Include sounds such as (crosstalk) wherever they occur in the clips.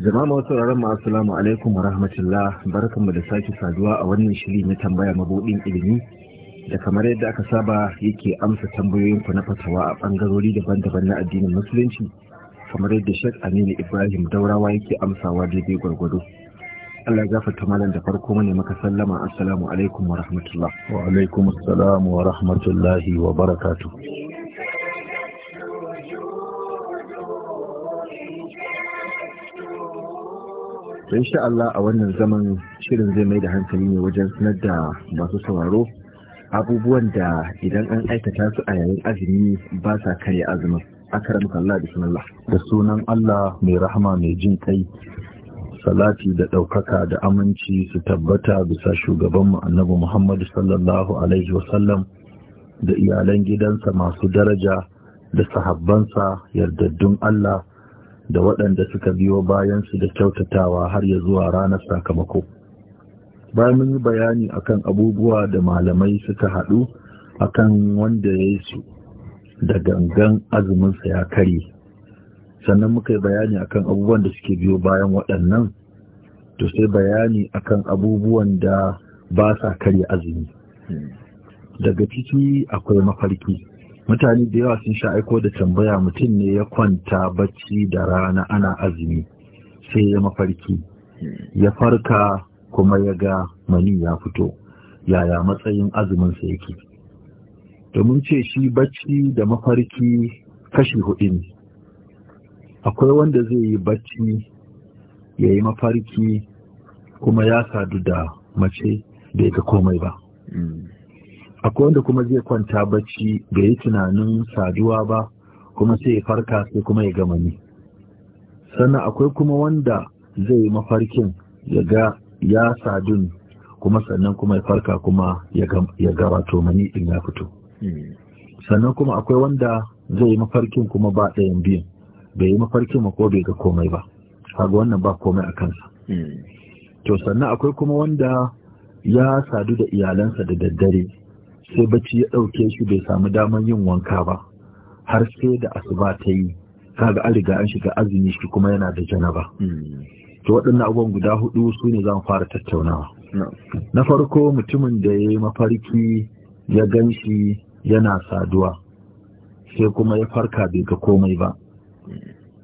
Jama'a masu sauraron mu assalamu alaikum wa rahmatullah barkanmu da sake saduwa a wannan shiri na tambaya mabuɗin ilimi da kamar yadda aka saba yake amsa tambayoyin ku na fatawa a bangarori daban-daban na addinin musulunci kamar yadda Sheikh Aminu Ibrahim Daurawa yake amsawa daidai gwargwado. Allah ya gafarta malam da farko mune maka sallama assalamu alaikum wa rahmatullah wa alaikum assalam wa rahmatullahi wa barakatuh insha Allah a wannan zaman shirin zai mai da hankali ne wajen sanar da masu sauraro abubuwan da idan an aikata su a yayin azumi ba sa karya azumin akaramka Allah bismillah da sunan Allah mai rahama mai jin kai salati da ɗaukaka da aminci su tabbata bisa shugabanmu annabi Muhammadu sallallahu Alaihi wasallam da iyalan gidansa masu daraja da sahabbansa yardaddun Allah da waɗanda suka biyo bayan su da kyautatawa har ya zuwa ranar sakamako. Bayan mun yi bayani akan abubuwa da malamai suka haɗu akan wanda ya yi su da gangan azuminsa ya karye. sannan muka yi bayani akan abubuwan da suke biyo bayan waɗannan to sai bayani akan abubuwan da ba sa karya azumi hmm. daga ciki akwai mafarki mutane da yawa sun sha aiko da tambaya mutum ne ya kwanta bacci da rana ana azumi sai ya mafarki hmm. ya farka kuma ya ga mani ya fito yaya matsayin azumin sa yake domin ce shi bacci da mafarki kashi hudu ne akwai wanda zai yi bacci ya yi mafarki kuma ya sadu da mace bai ga komai ba akwai wanda kuma zai kwanta bacci bai yi tunanin saduwa ba kuma sai ya farka sai kuma ya gama ni sannan akwai kuma wanda zai mafarkin ya ga ya sadun kuma sannan kuma ya farka kuma ya to mani in ya fito sannan kuma akwai wanda zai mafarkin kuma ba ɗayan biyun bai yi mafarkin ma ko bai ga komai ba Haga wannan ba komai a kansa to sannan akwai kuma wanda ya sadu da iyalansa da daddare sai bacci ya ɗauke shi bai samu damar yin wanka ba har sai da asuba ta yi kaga an riga an shiga azumi shi kuma yana da janaba to waɗannan abubuwan guda hudu su ne zan fara tattaunawa na farko mutumin da ya yi mafarki ya gan shi yana saduwa sai kuma ya farka bai ga komai ba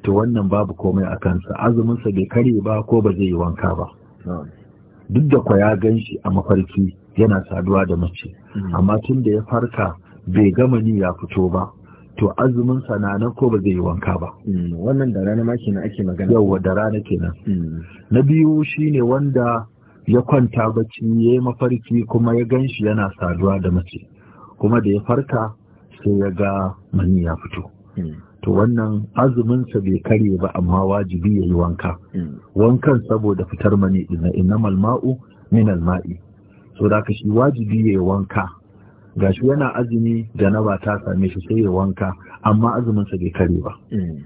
to wannan babu komai a kansa azuminsa bai kare ba ko ba zai yi wanka ba duk da kwa ya gan shi a mafarki yana saduwa da mace hmm. amma tun da ya farka bai gama ni ya fito ba to azumin sananan ko ba zai yi wanka ba hmm. wannan da rana ma na ake magana yawwa da rana kenan hmm. na biyu shine wanda ya kwanta bacci ya yi mafarki kuma ya gan shi yana saduwa da mace kuma da ya farka sai ya ga mani ya fito to wannan azuminsa bai kare ba amma wajibi ya yi wanka hmm. wankan saboda fitar mani na innamal ma'u min ma'i so da ka shi wajibi ya yi wanka gashi yana azumi da na ba ta same shi sai ya wanka amma azuminsa bai kare ba hmm.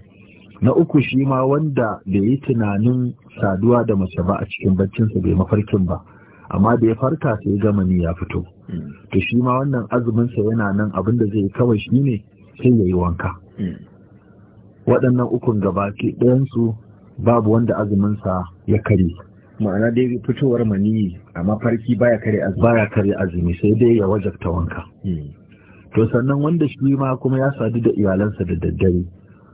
na uku shi ma wanda bai yi tunanin saduwa da mace ba a cikin baccinsa bai mafarkin ba amma da ya farka sai gama ni ya fito hmm. to shi ma wannan azuminsa yana nan abin da zai kawai shi ne sai ya yi wanka waɗannan ukun gaba ɗayan ɗayansu babu wanda azuminsa ya kare ma'ana dai fitowar maniyi a mafarki baya kare azumi baya kare azumi sai dai ya wajabta wanka hmm. to sannan wanda shi ma kuma ya sadu da iyalansa da daddare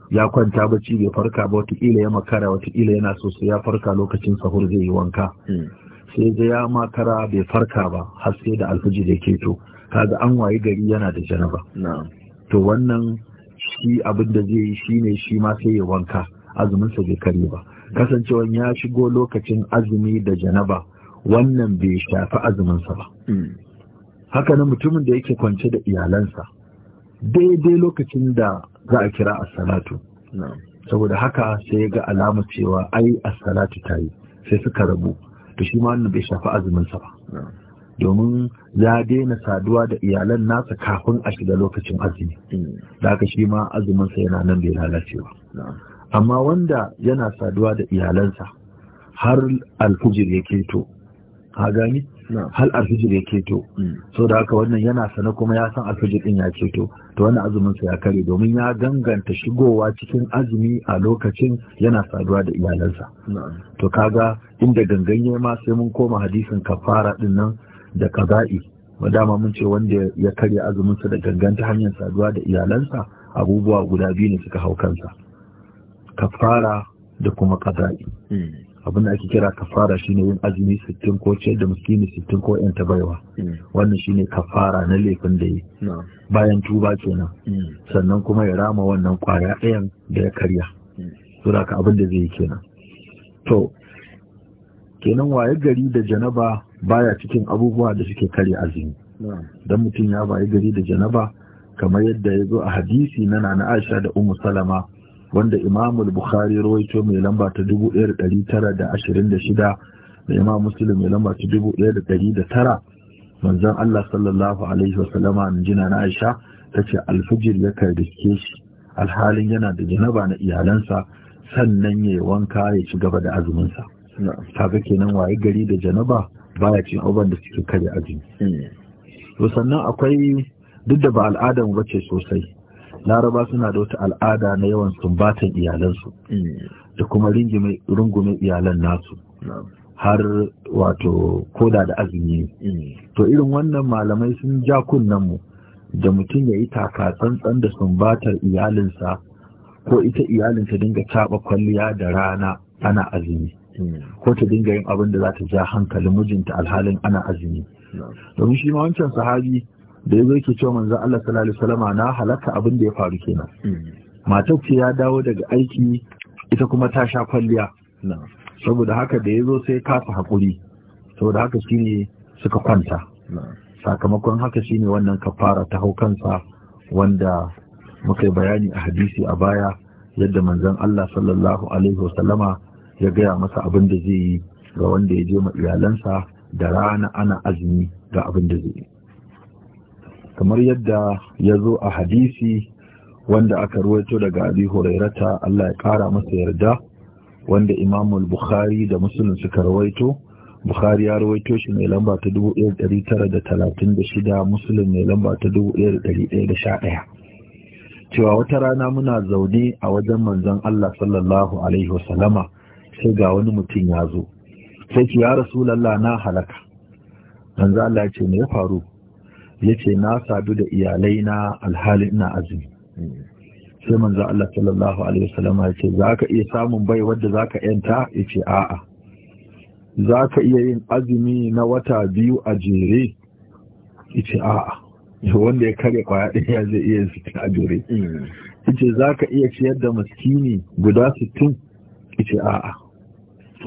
ya kwanta bacci bai farka ba watakila ya makara watakila yana so sai ya farka lokacin sahur zai yi wanka hmm. sai dai ya makara bai farka ba har da alfiji da ke to kaga an wayi gari yana da janaba to wannan shi abin da zai yi shine shi ma sai ya wanka azumin sa bai kare ba kasancewan ya shigo lokacin azumi da janaba wannan bai shafi azumin sa ba hmm. haka nan mutumin da yake kwance da iyalansa daidai lokacin da za a kira as-salatu saboda haka sai ya ga alama cewa ai as-salatu yi sai suka rabu to shi ma wannan bai shafi azumin sa ba domin ya daina saduwa da iyalan nasa kafin a shiga lokacin azumi mm. da haka shi ma azuminsa yana nan bai lalacewa amma wanda yana saduwa da iyalansa har alfijir ya keto ha gani hal alfijir ya keto mm. so da haka wannan yana sana kuma ya san alfijir din ya keto to wannan azuminsa ya kare domin ya ganganta shigowa cikin azumi a lokacin yana saduwa da iyalansa to kaga inda ganganye ma sai mun koma hadisin kafara din nan da kaza'i dama mun ce wanda ya karya azuminsa da ganganta hanyar saduwa da iyalansa abubuwa guda biyu ne suka hau kansa kafara da kuma kaza'i hmm. abin da ake kira kafara shine yin azumi sittin ko ciyar da miskini sittin ko yan baiwa hmm. wannan shine kafara na laifin da yi bayan tuba kenan hmm. sannan kuma ya rama wannan kwaya ɗayan da ya karya saboda abin da zai yi kenan to kenan waye gari da janaba baya cikin abubuwa da suke kare azumi dan mutum ya bayi gari da janaba kamar yadda ya zo a hadisi na nana Aisha da Ummu Salama wanda Imam Bukhari rawaito mai lamba ta 1926 da Imam Muslim mai lamba ta 1909 manzon Allah sallallahu alaihi wasallama an jina na Aisha tace alfijir ya karbiske shi alhalin yana da janaba na iyalansa sannan ya wanka ya ci gaba da azuminsa. Kaga kenan waye gari da janaba baya cin abubuwan da suke karya azumi to sannan akwai duk da ba al'adar ba bace sosai laraba suna da wata al'ada na yawan sumbatan iyalansu da kuma rungume iyalan nasu har wato koda da azumi to irin wannan malamai sun ja mu da mutum ya yi taka tsantsan da sumbatar iyalinsa ko ita iyalinsa dinga taɓa kwalliya da rana ana azumi ko ta dinga yin abin da za ta ja hankalin mijinta alhalin ana azumi domin shi ma wancan sahabi da ya zo yake cewa manzo Allah sallallahu alaihi wasallam na halaka abin da ya faru kenan matar ce ya dawo daga aiki ita kuma ta sha kwalliya saboda haka da ya zo sai kasa hakuri saboda haka shine suka kwanta sakamakon haka shine wannan kafara ta hau kansa wanda muka yi bayani a hadisi a baya yadda manzon Allah sallallahu alaihi wasallama ya gaya masa abin da zai yi ga wanda ya je ma iyalansa da rana ana azumi ga abin da zai yi kamar yadda ya zo a hadisi wanda aka ruwaito daga abi hurairata Allah ya kara masa yarda wanda imamul bukhari da muslim suka ruwaito bukhari ya ruwaito shi mai lamba ta 1936 muslim mai lamba ta 1111 cewa wata rana muna zaune a wajen manzon Allah sallallahu alaihi wasallama sai ga wani mutum ya zo sai ce ya rasu lalla na halaka za Allah ya ce me ya faru ya ce na sadu da iyalai na alhali ina azumi sai manzo Allah sallallahu alaihi wasallam ya ce zaka iya samun bai wadda zaka yanta ya ce a'a zaka iya yin azumi na wata biyu a jere ya ce a'a wanda ya kare kwaya ɗaya zai iya sittin a jere hmm. ya ce zaka iya ciyar da maskini guda sittin ya ce a'a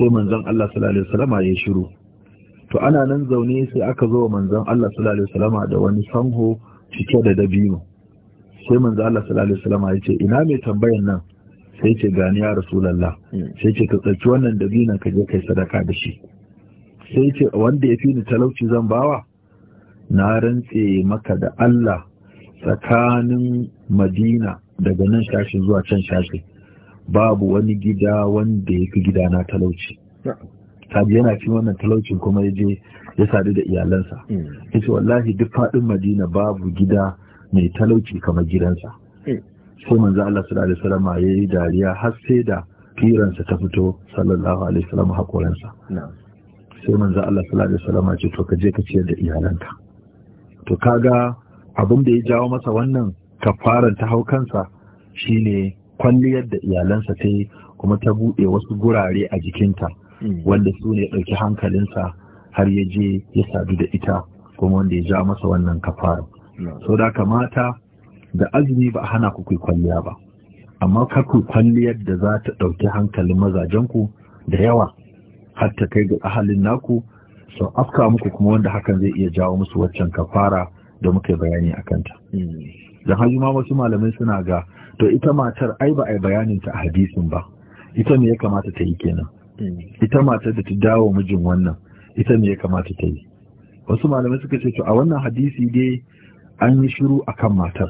sai manzon Allah sallallahu alaihi ya shiru to ana nan zaune sai aka zo manzon Allah sallallahu alaihi da wani sanho cike da dabino sai manzon Allah sallallahu alaihi ya ce ina mai tambayan nan sai ce gani ya rasulullah hmm. sai ce ka tsaki wannan dabinon ka je kai sadaka da shi sai ce wanda ya fi ni talauci zan bawa na rantse maka da Allah tsakanin Madina daga nan shashi zuwa can shashi babu wani gida wanda ya fi gida na talauci Sabi yana cin wannan talaucin kuma ya je ya sadu da iyalansa hmm. ya wallahi duk faɗin madina babu gida mai talauci kamar gidansa hmm. sai manzo Allah sallallahu alaihi wasallam ya yi dariya har sai da firansa ta fito sallallahu alaihi wasallam hakoransa sai manzo Allah sallallahu alaihi wasallam ce to ka je ka ciyar da iyalanka to kaga abin da ya jawo masa wannan kafaran ta haukansa kansa shine kwalliyar da iyalansa ta yi kuma ta buɗe wasu gurare a jikinta hmm. wanda su ne ɗauki hankalinsa har ya je ya sadu da ita kuma wanda ya ja masa wannan kafara hmm. so da kamata da azumi ba hana ku kai kwalliya ba amma kar ku kwalliyar da za ta ɗauki hankalin mazajenku da yawa har ta kai ga ahalin naku so afka muku kuma wanda hakan zai iya jawo musu waccan kafara da muka bayani a kanta. Hmm. Don hajji wasu malamai suna ga to ita matar ai ba a bayanin ta a hadisin ba ita ne ya kamata ta yi kenan ita matar da ta dawo mijin wannan ita ne ya kamata ta yi wasu malamai suka ce to a wannan hadisi dai an yi shiru akan matar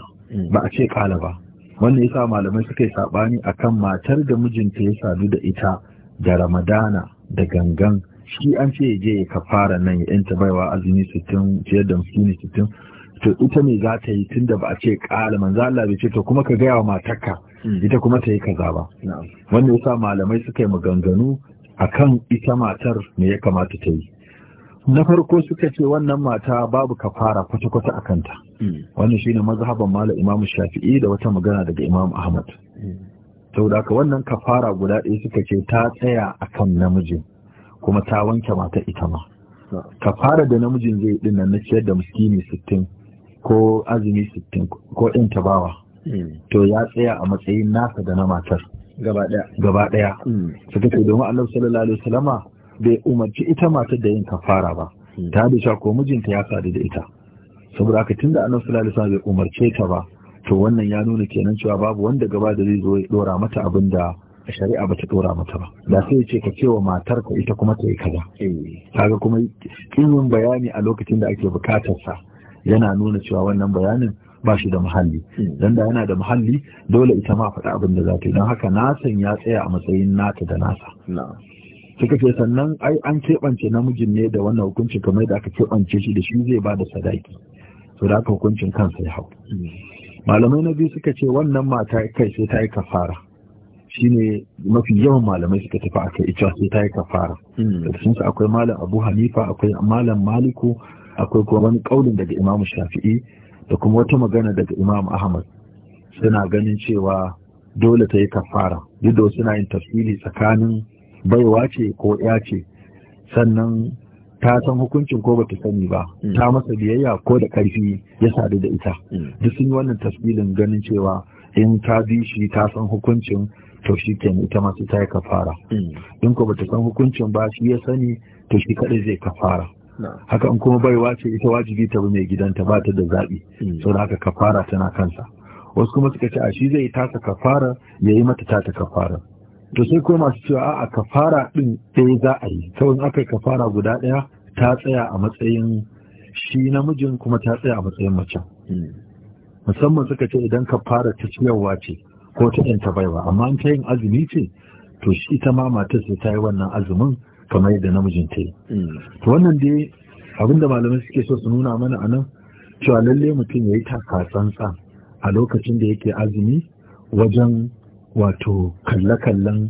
ba a ce kala ba wannan yasa malamai suka yi sabani akan matar da mijinta ya sadu da ita da ramadana da gangan shi an ce ya je ya kafara nan ya yanta baiwa azumi sittin ciyar da musulmi sittin to ita ne za ta yi da ba a ce ƙala Manza Allah bai ce to kuma ka gaya wa matarka mm. ita kuma ta yi kaza ba wanda yasa malamai suka yi maganganu akan ita matar me ya kamata ta yi na farko suka ce wannan mata babu kafara kwata-kwata a kanta mm. wannan shine mazhaban malam imamu shafi'i da wata magana daga Imam ahmad mm. saboda haka wannan kafara guda ɗaya suka ce ta tsaya akan namijin kuma ta wanke mata ita ma kafara da namijin zai ɗin nan na ciyar da miskini sittin ko azumi sittin ko ɗin tabawa hmm. to ya tsaya a matsayin nasa da na matar gaba ɗaya suka hmm. ce domin Allah sallallahu alaihi wasallama bai umarci ita matar da yin kafara ba hmm. ta da ko mijinta ya sadu da ita saboda haka da Allah sallallahu alaihi wasallama bai umarce ta ba to wannan ya nuna kenan cewa babu wanda gaba da zai zo ya dora mata abin da shari'a ba ta dora mata ba da sai ce ka ce wa matar ka ita kuma ta yi kaza kaga kuma yin bayani a lokacin da ake bukatar sa yana nuna cewa wannan bayanin ba shi da muhalli hmm. don da yana da muhalli dole ita ma faɗa abin da za ta yi don haka nasan ya tsaya a matsayin nata da nasa suka ce sannan ai an keɓance namijin ne da wannan hukunci kamar da aka keɓance shi da shi zai ba da sadaki to da aka hukuncin kansa ya hau hmm. malamai na biyu suka ce wannan mata kai sai ta yi kafara Shi ne mafi yawan malamai suka tafi aka ita sai ta yi kafara hmm. sun akwai malam abu hanifa akwai malam maliku akwai kuma wani kaulin daga imamu shafi'i da kuma wata magana daga imamu ahmad suna ganin cewa dole ta yi kafara duk da suna yin tafsiri tsakanin baiwa ce ko ya ce sannan ta san hukuncin ko bata sani ba mm. ta masa biyayya ko da karfi ya sadu da ita mm. duk sun yi wannan tafsirin ganin cewa in ta bi shi ta san hukuncin to shi ke ita masu ta yi kafara mm. in ko bata san hukuncin ba shi ya sani to shi kaɗai zai kafara haka in kuma baiwa ce ita wajibi ta bi mai gidanta ba ta da zaɓi hmm. sau da haka kafara tana kansa wasu kuma suka ce a shi zai tasa kafara ya yi mata tata kafara to sai kuma masu cewa a'a kafara ɗin ɗaya za a yi sau in aka kafara guda ɗaya ta tsaya a matsayin shi namijin kuma ta tsaya a matsayin mace hmm. musamman suka ce idan kafara ta ciyarwa ce ko ta yanta baiwa amma in ta yin azumi ce to shi ita ma matar sai ta yi wannan azumin kamar yadda namijin ta yi hmm. wannan dai abinda malamai suke so su nuna mana a nan cewa lalle mutum ya yi takasansa a lokacin da yake azumi wajen wato kalle-kallen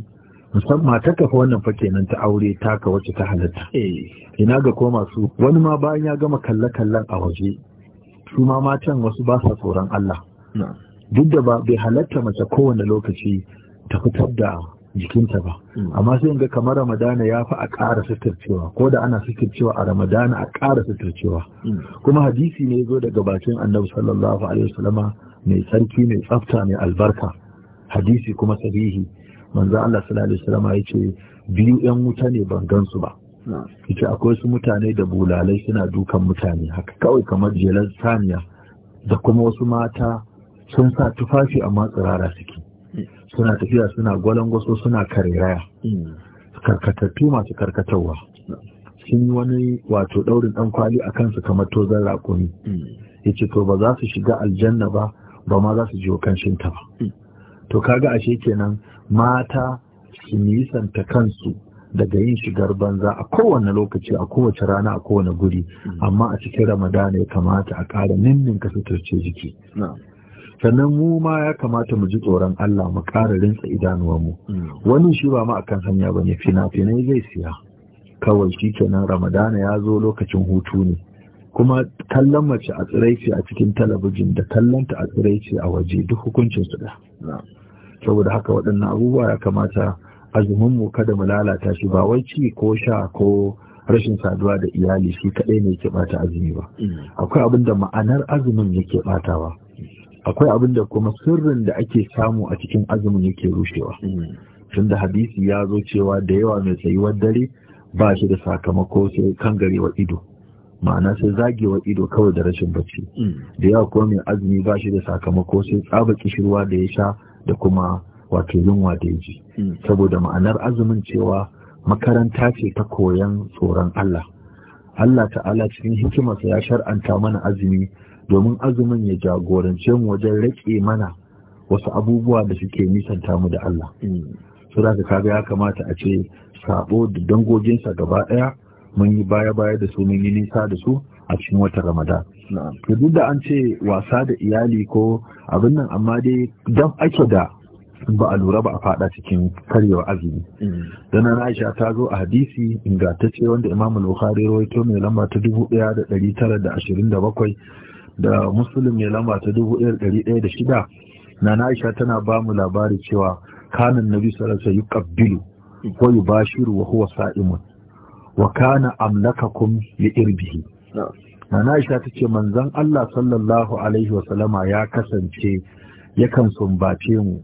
musamman ta kafa wannan fa kenan ta aure taka wacce ta halatta eh. ina ga ko masu wani ma bayan ya gama kalle-kallen a waje su ma matan wasu ba sa tsoron Allah duk da ba bai halatta mace kowane lokaci ta fitar da jikinta ba mm. amma sai ga kamar ramadana ya fi a ƙara suturcewa ko da ana suturcewa a ramadana a ƙara suturcewa mm. kuma hadisi ne zo daga bakin annabi sallallahu alaihi wasallama mai tsarki mai tsafta mai albarka hadisi kuma sahihi manzo Allah sallallahu alaihi wasallama yace biyu yan wuta ne ban gansu ba yace akwai su mutane da bulalai suna dukan mutane haka kawai kamar jelar saniya da kuma wasu mata sun sa tufafi amma tsirara suke suna tafiya suna gwalangwaso suna kariraya hmm. karkatattu masu karkatarwa sun yi wani wato daurin dan kwali a kansu kamar tozon rakumi hmm. ya ce to ba za su shiga aljanna ba ba ma za su jiwo ta ba hmm. to kaga ashe kenan mata su nisanta kansu daga yin shigar banza a kowane lokaci a kowace rana a kowane guri amma a cikin ramadana ya kamata a ƙara ninninka suturce jiki sannan mu ma ya kamata mu ji tsoron Allah mu ƙara rinsa idanuwanmu mm. wani shi ba ma akan hanya ba ne fina-finai zai siya kawai shi kenan ramadana ya zo lokacin hutu ne kuma kallon mace a tsiraici a cikin talabijin da kallonta a tsiraici a waje duk hukuncin su da saboda haka waɗannan abubuwa ya kamata azumin mu kada mu lalata shi ba wai ci ko sha ko rashin saduwa da iyali shi kaɗai ne ke ɓata azumi ba mm. akwai abin da ma'anar azumin yake batawa akwai abin da kuma sirrin da ake samu a cikin azumin yake rushewa tunda hadisi ya zo cewa da yawa mai tsayuwar dare ba shi da sakamako sai kan wa ido ma'ana sai zagewa ido kawai da rashin bacci da yawa kuma mai azumi ba shi da sakamako sai tsaba kishirwa da ya sha da kuma wato yunwa da ya ji saboda ma'anar azumin cewa makaranta ce ta koyon tsoron Allah Allah ta'ala cikin hikimarsa ya shar'anta mana azumi domin azumin ya jagorance mu wajen rake mana wasu abubuwa da suke nisanta mu da Allah Su da kaga ya kamata a ce sabo da dangoginsa gaba ɗaya mun yi baya baya da su mun yi nisa da su a cikin watan ramadan Ka duk da an ce wasa da iyali ko abin nan amma dai dan ake da ba a lura ba a fada cikin karyar azumi mm. dan Aisha ta zo a hadisi ta ce wanda Imam Bukhari rawaito mai lamba ta bakwai. da musulun mai lamba ta dubu ɗaya ɗari ɗaya da shida na aisha tana ba mu labari cewa kanan nabi sallallahu alaihi yi wa yubashiru wa huwa sa'imun wa kana kun ya irbihi na aisha ta ce manzon Allah sallallahu alaihi wasallama ya kasance yakan sumbace mu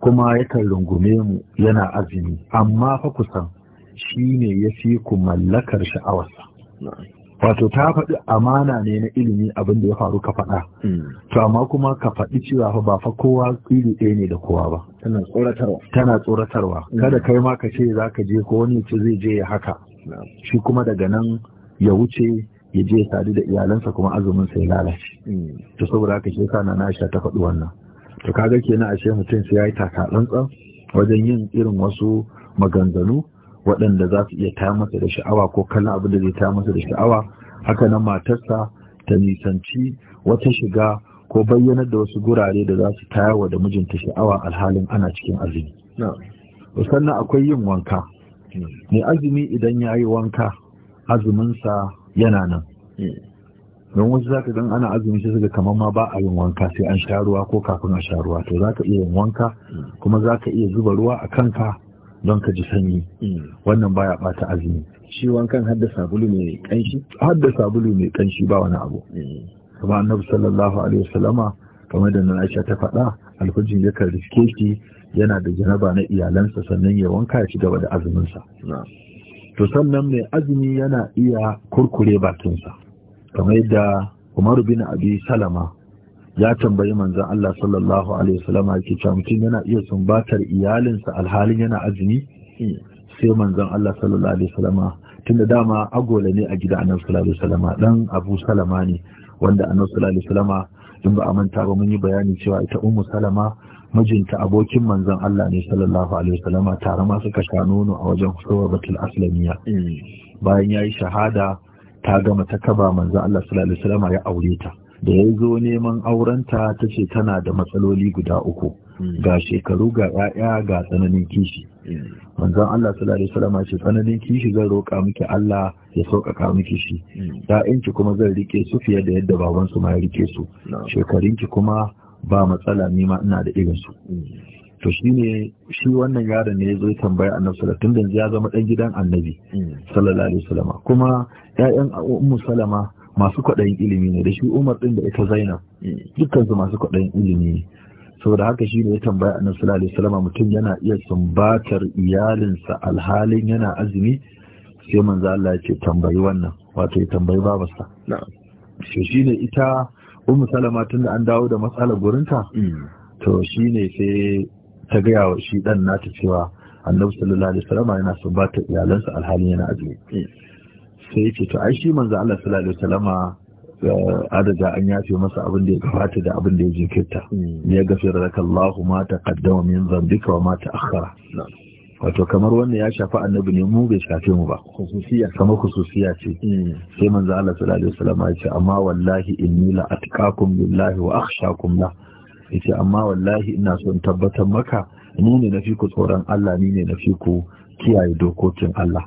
kuma yakan rungume mu yana azumi amma fa kusan shi ne ya fi ku mallakar sha'awarsa wato ta faɗi amana ne na ilimi abin da ya faru ka faɗa hmm. to amma kuma ka faɗi cewa fa ba fa kowa iri ɗaya ne da kowa ba tana tsoratarwa tana tsoratarwa hmm. kada kai ma ka ce za ka je ko wani ce zai je ya haka shi kuma daga nan ya wuce ya je sadu da iyalansa kuma azumin sai lalace hmm. to saboda haka shi kana na sha ta faɗi wannan to kaga kenan ashe mutum sai ya yi taka wajen yin irin wasu maganganu waɗanda za su iya ta masa da sha'awa ko kallon abin da zai ta masa da sha'awa haka nan matarsa ta nisanci wata shiga ko bayyanar da wasu gurare da za su wa da mijinta sha'awa alhalin ana cikin azumi. Sannan akwai yin wanka. Mai azumi idan ya yi wanka azuminsa yana nan. Mm. Don wasu za ka gan ana azumi sai suka kamar ma ba a yin wanka sai an sha ruwa ko kafin a sha ruwa to za ka iya yin wanka mm. kuma za ka iya zuba ruwa a kanka don ka ji sanyi mm. wannan baya bata azumi shi wankan hadda sabulu mai kanshi hadda sabulu mai kanshi ba wani abu mm. kuma annabi sallallahu alaihi wasallama kamar da nan Aisha ta faɗa alfajin yakan riske shi yana da janaba na iyalansa sannan ya wanka ya ci gaba da azuminsa to sannan mai azumi yana iya kurkure bakinsa kamar da Umar bin Abi Salama ya tambayi manzon Allah sallallahu alaihi wasallam yake cewa mutum yana iya sumbatar iyalinsa alhalin yana azumi sai manzon Allah sallallahu alaihi wasallam tunda dama agola ne a gida annabi sallallahu alaihi wasallam dan Abu Salama ne wanda annabi sallallahu alaihi wasallam in ba a manta ba mun yi bayani cewa ita Ummu Salama mijinta abokin manzon Allah ne sallallahu alaihi wasallam tare ma suka sha nono a wajen Husawatul Aslamiya mm. bayan ya yi shahada ta gama ta kaba manzon Allah sallallahu alaihi wasallam ya aure ta da ya zo neman aurenta ta ce tana da matsaloli guda uku hmm. ga shekaru ga 'ya'ya ga tsananin kishi hmm. manzon Allah sallallahu alaihi wasallam ce tsananin kishi zan roƙa miki Allah ya sauƙaƙa miki shi hmm. ki kuma zan rike su fiye da yadda babansu ma ya rike su shekarunki kuma ba matsala ni ma ina da irin su to shi shi wannan yaron ne zai tambaya annabi sallallahu tun da ya zama ɗan gidan annabi sallallahu alaihi wasallam kuma yayan ummu salama masu kwaɗayin ilimi ne da shi umar ɗin da ita zainab su masu kwaɗayin ilimi ne saboda haka shi ne ya tambaya annabi sallallahu alaihi wasallam mutum yana iya sumbatar iyalinsa alhalin yana azumi sai manzo Allah ya ce tambayi wannan wato ya tambayi babarsa So shi ne ita ummu salama da an dawo da matsalar gurinta mm. to shi ne sai ta gaya wa shi dan nata cewa annabi sallallahu alaihi wasallam yana sumbatar iyalansa alhalin yana azumi mm. sai yace to ai shi manzo Allah sallallahu alaihi wasallama eh, adaga an yafe masa abin da ya gabata da abin da ya jinkirta hmm. ya gafira laka Allahu ma taqaddama min dhanbika wa ma ta'akhkhara wato kamar wannan ya shafi annabi ne mu bai shafe mu ba khususiya kamar khususiya ce hmm. sai manzo Allah sallallahu alaihi wasallam ya ce amma wallahi inni la atqakum billahi wa akhshakum la yace amma wallahi ina so in tabbatar maka ni ne fi ku tsoron Allah ni ne fi ku kiyaye dokokin Allah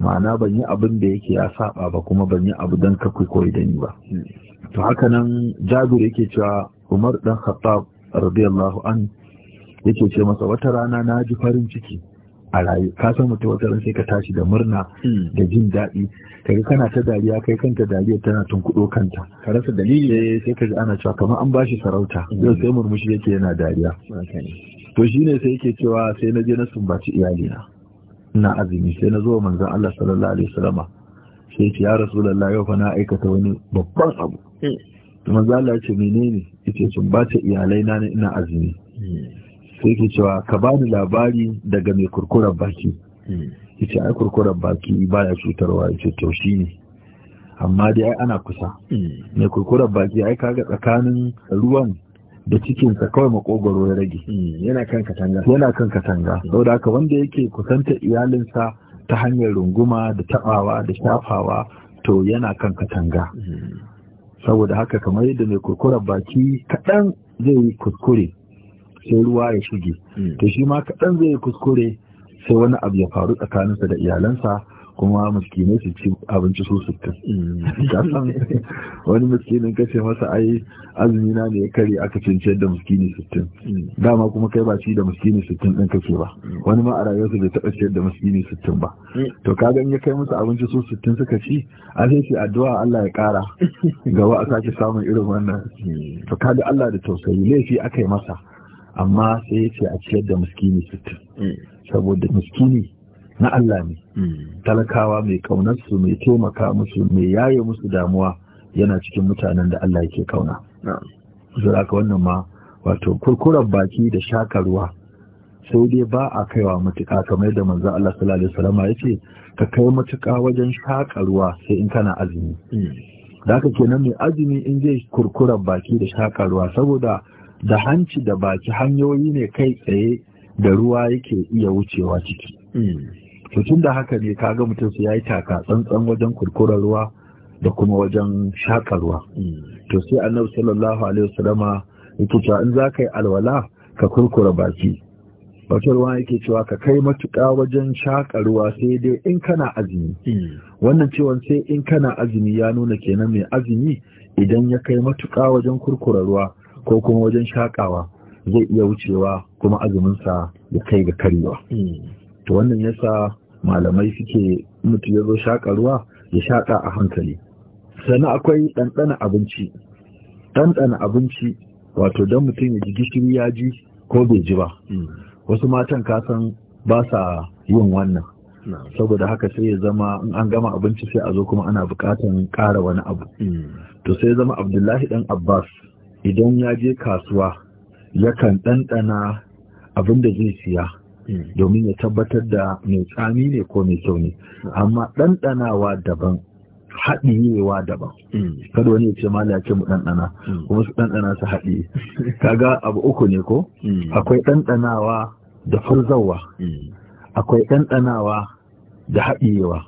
ma'ana ban yi abin da yake ya saba ba kuma ban yi abu don ka koyi da ni ba hmm. to haka nan jabir yake cewa umar dan khattab radiyallahu an yake ce masa wata rana na ji farin ciki a rayu ka san mutum wata rana sai ka tashi da murna hmm. da jin daɗi kaga kana ta dariya kai kanta dariya tana tunkuɗo kanta ka rasa dalili eh, sai ka ji ana cewa kamar an bashi sarauta hmm. yau sai murmushi yake yana dariya to shine sai yake cewa sai na je na sumbaci iyalina ina azumi sai na zo manzan Allah sallallahu alaihi wasallama sai ce ya rasulullah yau fa na aikata wani babban abu hmm. manzan Allah ya ce menene yace sun bace iyalai na ne ina azumi hmm. sai yake cewa ka ba ni labari daga mai kurkurar baki hmm. yace ai kurkurar baki baya cutarwa yace to ne. amma dai ai ana kusa mai kurkurar baki ai kaga tsakanin ruwan da cikinsa kawai makogwaro ya rage hmm, yana kan katanga yana kan katanga hmm. saboda haka wanda yake kusanta iyalinsa ta hanyar runguma da tabawa da shafawa to yana kan katanga hmm. saboda haka kamar yadda mai kurkura baki kaɗan zai yi kuskure sai ruwa ya shige to shi ma kaɗan zai yi kuskure sai wani abu ya faru tsakaninsa da iyalansa kuma miskinai su ci abinci su sittin mm. wani miskinin kashe masa ai azumi na ne ya kare aka cince da miskini sittin mm. dama kuma kai ba ci da miskini sittin din kake ba mm. wani ma a rayuwarsa bai taɓa ciyar da miskini sittin ba to ka in ya kai musu abinci su sittin suka ci an sai ce addu'a Allah ya ƙara (laughs) gaba a sake samun irin wannan to kaga Allah da tausayi laifi aka yi masa amma sai ya ce a ciyar da miskini sittin saboda miskini na Allah ne hmm. talakawa mai kaunarsu mai taimaka musu mai yaye musu damuwa yana cikin mutanen da Allah yake kauna zura ka wannan ma wato kurkurar baki da shakarwa sai dai ba a kaiwa matuƙa kamar da manzo Allah sallallahu alaihi wasallam ya ce ka kai matuƙa wajen shakarwa ruwa sai in kana azumi hmm. da ke kenan mai azumi in zai kurkurar baki da shaka ruwa saboda da hanci da baki hanyoyi ne kai tsaye da ruwa yake iya wucewa ciki hmm. to tun da haka ne kaga mutum su yayi taka tsantsan wajen kurkura ruwa da kuma wajen shaƙa ruwa to sai annabi sallallahu alaihi wasallama yake cewa in za ka yi alwala ka kurkura baki wata ruwa yake cewa ka kai matuƙa wajen shaƙa ruwa sai dai in kana azumi wannan ciwon sai in kana azumi ya nuna kenan mai azumi idan ya kai matuƙa wajen kurkura ruwa ko kuma wajen shaƙawa zai iya wucewa kuma azuminsa ya kai ga karewa to wannan yasa malamai suke mutu ya zo shaƙa ruwa ya shaƙa a hankali sannan akwai ɗanɗana abinci ɗanɗana abinci wato don mutum ya ji gishiri ya ji ko bai ji ba hmm. wasu matan kasan ba sa yin wannan saboda haka sai ya zama in an gama abinci sai a zo kuma ana buƙatan ƙara wani abu hmm. to sai ya zama abdullahi ɗan abbas idan ya je kasuwa yakan ɗanɗana abin da zai siya domin ya tabbatar da mai tsami ne ko mai kyau ne amma ɗanɗanawa daban haɗiyewa daban kada wani ya ce mala ce mu ɗanɗana kuma su ɗanɗana su haɗiye kaga abu uku ne ko akwai ɗanɗanawa da furzawa akwai ɗanɗanawa da haɗiyewa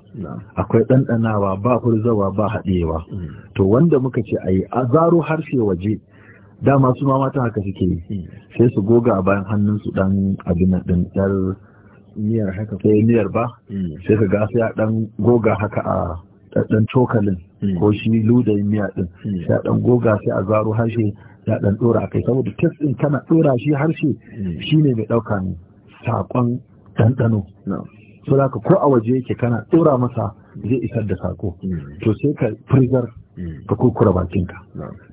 akwai ɗanɗanawa ba furzawa ba haɗiyewa to wanda muka ce a yi a zaro harshe waje dama su ma mata haka suke yi hmm. sai su goga a bayan hannun su dan abin nan din dar niyar haka ko niyar eh, ba hmm. sai ka ga sai ya dan goga haka a dan cokalin hmm. ko shi ludayin miya din sai ya dan goga sai a zaro harshe ya dan dora kai saboda test din kana dora shi harshe shine mai dauka ne sakon dandano so ko a waje yake kana dora masa zai isar da sako to sai ka preserve ka kurkura bakinka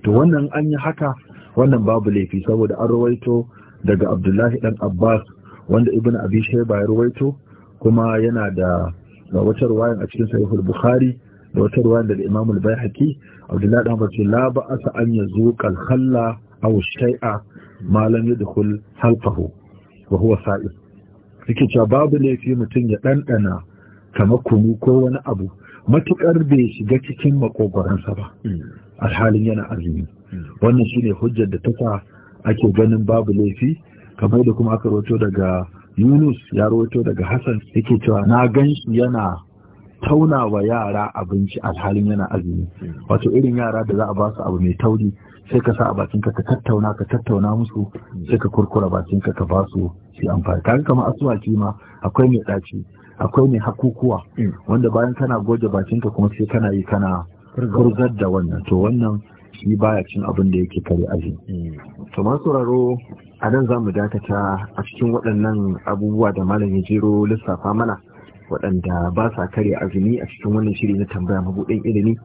to wannan an yi haka wannan babu laifi saboda an rawaito daga abdullahi dan abbas wanda ibn abi shayba ya rawaito kuma yana da wata ruwayan a cikin sahihul bukhari da wata ruwayan daga imam al-baihaqi abdullahi dan abbas la ba'asa an yazuqa al-khalla aw shay'a ma lam yadkhul halqahu wa huwa sa'id yake cewa babu laifi mutum ya ɗanɗana kamar kunu ko wani abu matukar bai shiga cikin makogwaransa ba hmm. alhalin yana azumi hmm. wannan shine hujjar da ta ake ganin babu laifi kamar da kuma aka rawato daga Yunus ya rawato daga Hassan yake cewa na gan shi yana taunawa yara abinci alhalin yana azumi hmm. wato irin yara da za a ba su abu mai tauri sai ka sa a bakinka ka tattauna ka tattauna musu sai ka kurkura bakinka ka ba su su amfani kaga kamar asuwaki ma akwai mai ɗaci akwai mai hakukuwa mm. wanda bayan kana goge bakinka kuma sai kana yi kana gurgar da wannan to wannan shi baya cin abin da yake kare aji mm. to ma sauraro a nan za mu dakata a cikin waɗannan abubuwa da malam ya jero lissafa mana waɗanda ba sa kare azumi a cikin wannan shiri na tambaya mabuɗin ilimi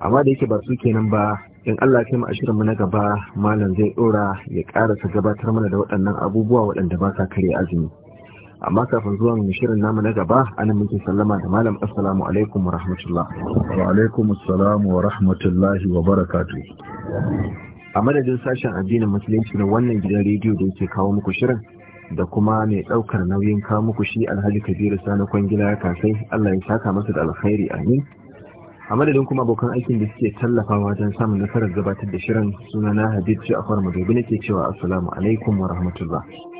amma da yake ba su kenan ba in Allah ke mu a shirinmu na gaba malam zai ɗora ya ƙarasa gabatar mana da waɗannan abubuwa waɗanda ba sa kare azumi amma kafin zuwan shirin namu na gaba anan muke sallama da malam assalamu alaikum wa rahmatullah wa alaikum assalamu wa rahmatullahi wa barakatu. a madadin sashen addinin musulunci na wannan gidan rediyo da yake kawo muku shirin da kuma mai daukar nauyin kawo muku shi alhaji kabiru sani kwangila ya kasai allah ya saka masa da alkhairi amin a madadin kuma abokan aikin da suke tallafawa wajen samun nasarar gabatar da shirin sunana hadid ja'far madobi nake cewa assalamu alaikum wa rahmatullah